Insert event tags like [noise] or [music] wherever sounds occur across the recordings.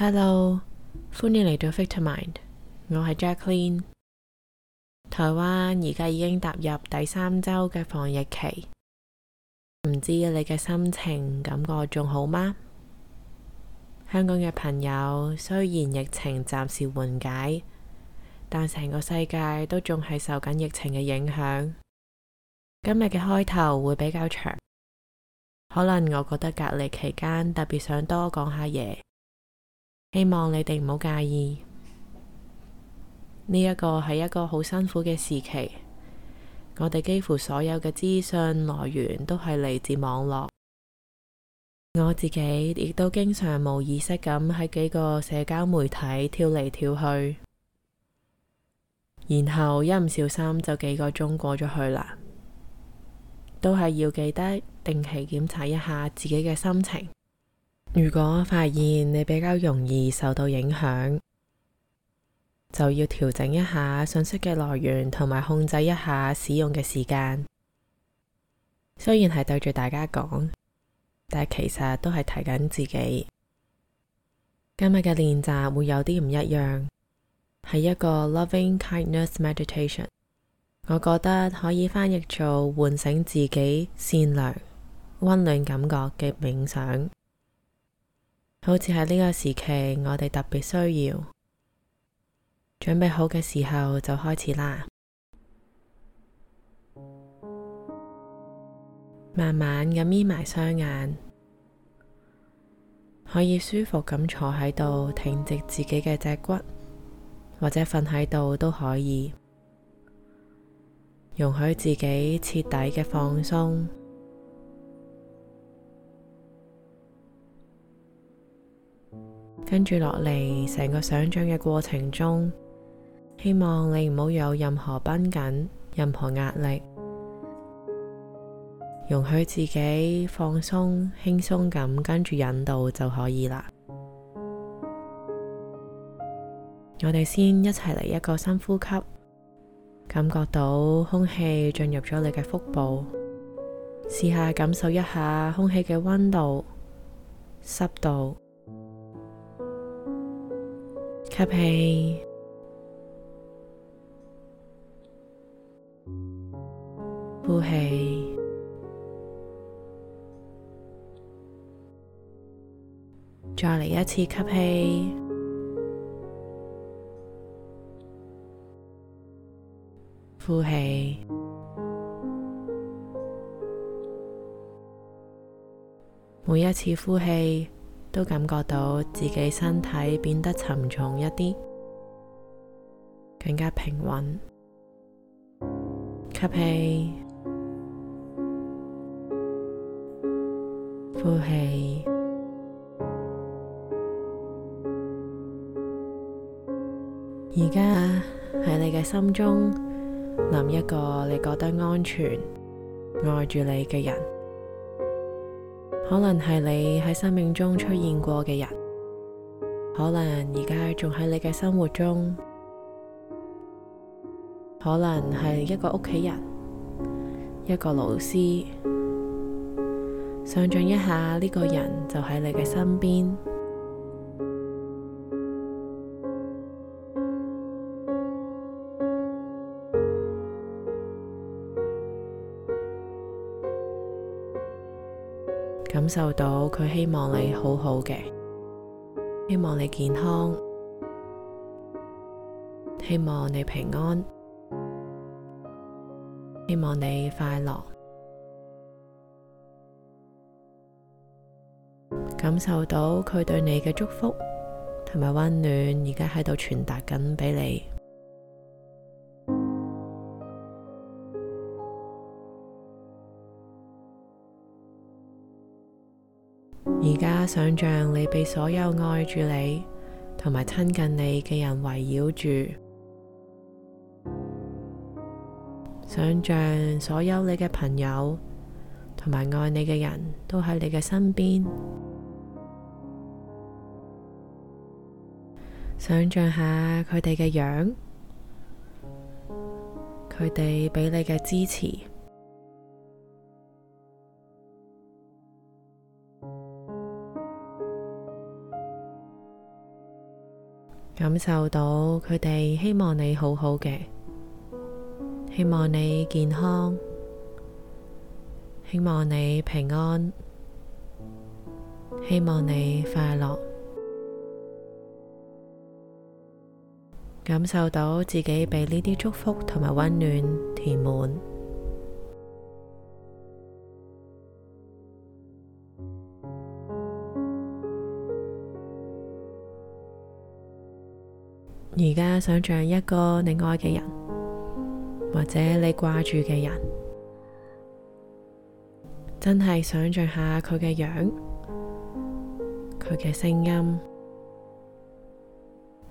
Hello，歡迎嚟到 Vitamind，我係 Jaclyn。台灣而家已經踏入第三周嘅防疫期，唔知你嘅心情感覺仲好嗎？香港嘅朋友雖然疫情暫時緩解，但成個世界都仲係受緊疫情嘅影響。今日嘅開頭會比較長，可能我覺得隔離期間特別想多講下嘢。希望你哋唔好介意，呢一個係一個好辛苦嘅時期。我哋幾乎所有嘅資訊來源都係嚟自網絡，我自己亦都經常無意識咁喺幾個社交媒體跳嚟跳去，然後一唔小心就幾個鐘過咗去啦。都係要記得定期檢查一下自己嘅心情。如果我發現你比較容易受到影響，就要調整一下信息嘅來源，同埋控制一下使用嘅時間。雖然係對住大家講，但其實都係提緊自己。今日嘅練習會有啲唔一樣，係一個 loving kindness meditation。我覺得可以翻譯做喚醒自己善良溫暖感覺嘅冥想。好似喺呢個時期，我哋特別需要準備好嘅時候就開始啦。慢慢咁眯埋雙眼，可以舒服咁坐喺度，挺直自己嘅脊骨，或者瞓喺度都可以，容許自己徹底嘅放鬆。跟住落嚟，成個想象嘅過程中，希望你唔好有任何繃緊、任何壓力，容許自己放鬆、輕鬆咁跟住引導就可以啦。我哋先一齊嚟一個深呼吸，感覺到空氣進入咗你嘅腹部，試下感受一下空氣嘅溫度、濕度。吸氣，呼氣，再嚟一次。吸氣，呼氣，每一次呼氣。都感覺到自己身體變得沉重一啲，更加平穩。吸氣，呼氣。而家喺你嘅心中，諗一個你覺得安全、愛住你嘅人。可能係你喺生命中出現過嘅人，可能而家仲喺你嘅生活中，可能係一個屋企人，一個老師，想象一下呢個人就喺你嘅身邊。感受到佢希望你好好嘅，希望你健康，希望你平安，希望你快樂，感受到佢對你嘅祝福同埋溫暖，而家喺度傳達緊俾你。想象你被所有愛住你同埋親近你嘅人圍繞住，想象所有你嘅朋友同埋愛你嘅人都喺你嘅身邊，想象下佢哋嘅樣，佢哋俾你嘅支持。感受到佢哋希望你好好嘅，希望你健康，希望你平安，希望你快樂。感受到自己被呢啲祝福同埋溫暖填滿。而家想象一個你愛嘅人，或者你掛住嘅人，真係想象下佢嘅樣，佢嘅聲音，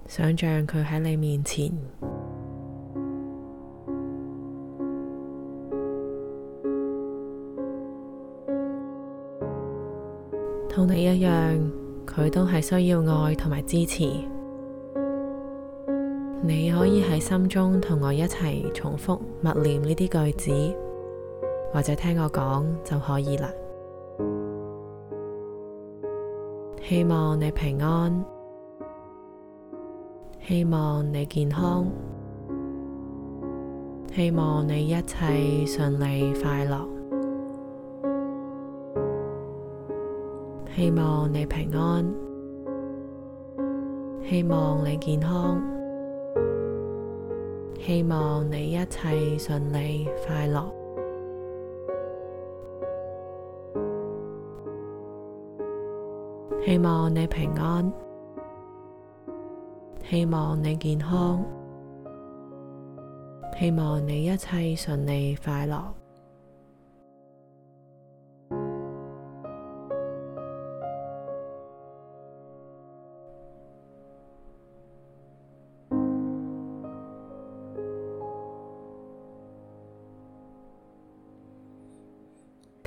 想象佢喺你面前，同你一樣，佢都係需要愛同埋支持。你可以喺心中同我一齊重複默念呢啲句子，或者聽我講就可以啦。希望你平安，希望你健康，希望你一切順利、快樂，希望你平安，希望你健康。希望你一切順利、快樂。希望你平安。希望你健康。希望你一切順利、快樂。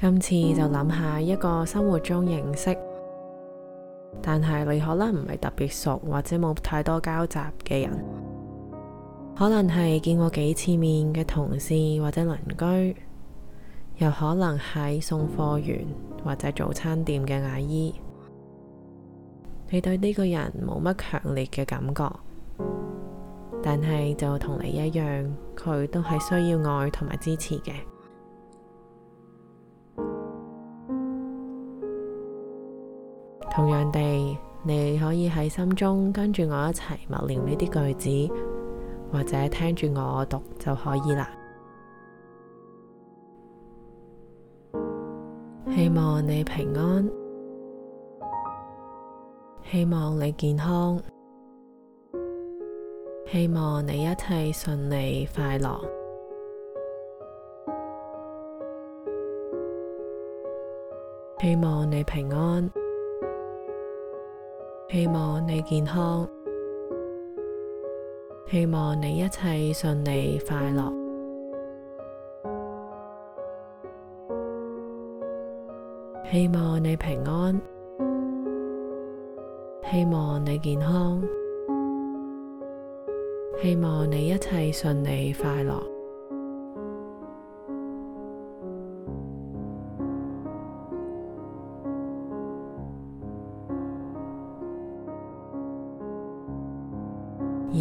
今次就諗下一個生活中認識，但係你可能唔係特別熟或者冇太多交集嘅人，可能係見過幾次面嘅同事或者鄰居，又可能係送貨員或者早餐店嘅阿姨。你對呢個人冇乜強烈嘅感覺，但係就同你一樣，佢都係需要愛同埋支持嘅。同樣地，你可以喺心中跟住我一齊默念呢啲句子，或者聽住我讀就可以啦。 [noise] 希望你平安，希望你健康，希望你一切順利快樂，希望你平安。希望你健康，希望你一切順利快樂。希望你平安，希望你健康，希望你一切順利快樂。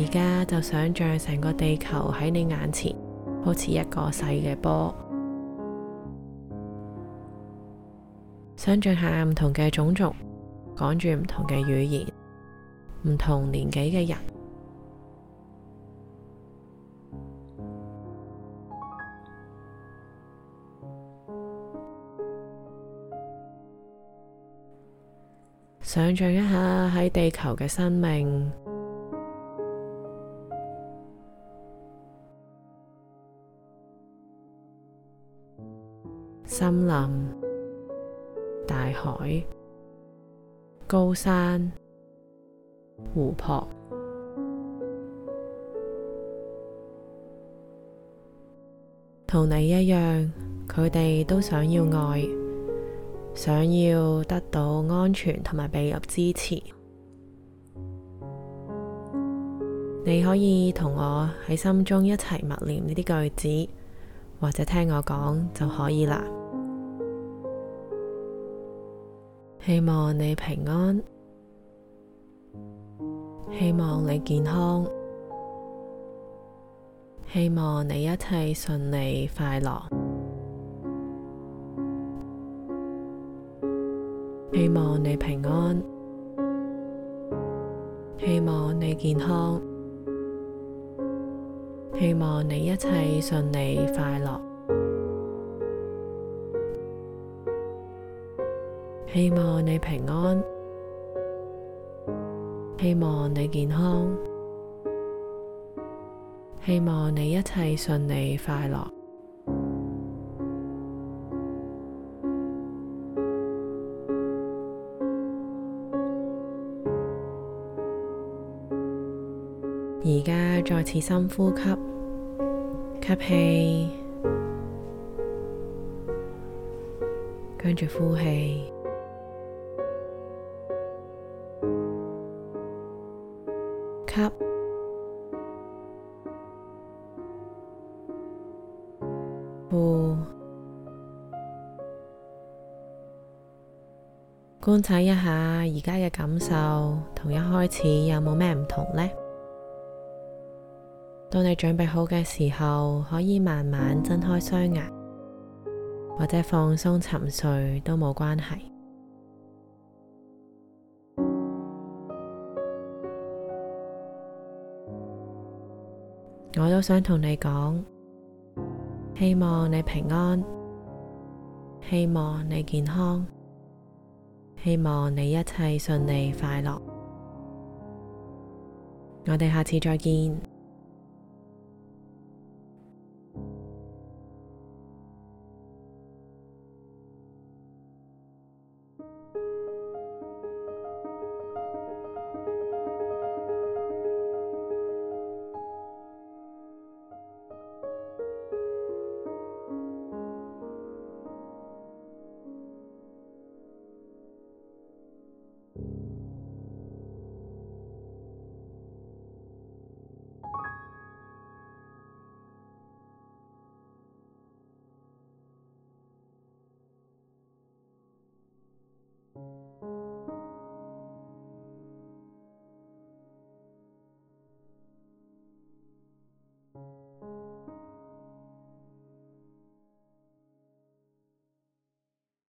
而家就想象成個地球喺你眼前，好似一個細嘅波。想象下唔同嘅種族，講住唔同嘅語言，唔同年紀嘅人。想象一下喺地球嘅生命。高山、湖泊，同你一樣，佢哋都想要愛，想要得到安全同埋庇佑支持。你可以同我喺心中一齊默念呢啲句子，或者聽我講就可以啦。希望你平安，希望你健康，希望你一切順利快樂。希望你平安，希望你健康，希望你一切順利快樂。希望你平安，希望你健康，希望你一切順利快樂。而家再次深呼吸，吸氣，跟住呼氣。觀察一下而家嘅感受，同一開始有冇咩唔同呢？當你準備好嘅時候，可以慢慢睜開雙眼，或者放鬆沉睡都冇關係。我都想同你講。希望你平安，希望你健康，希望你一切順利快樂。我哋下次再見。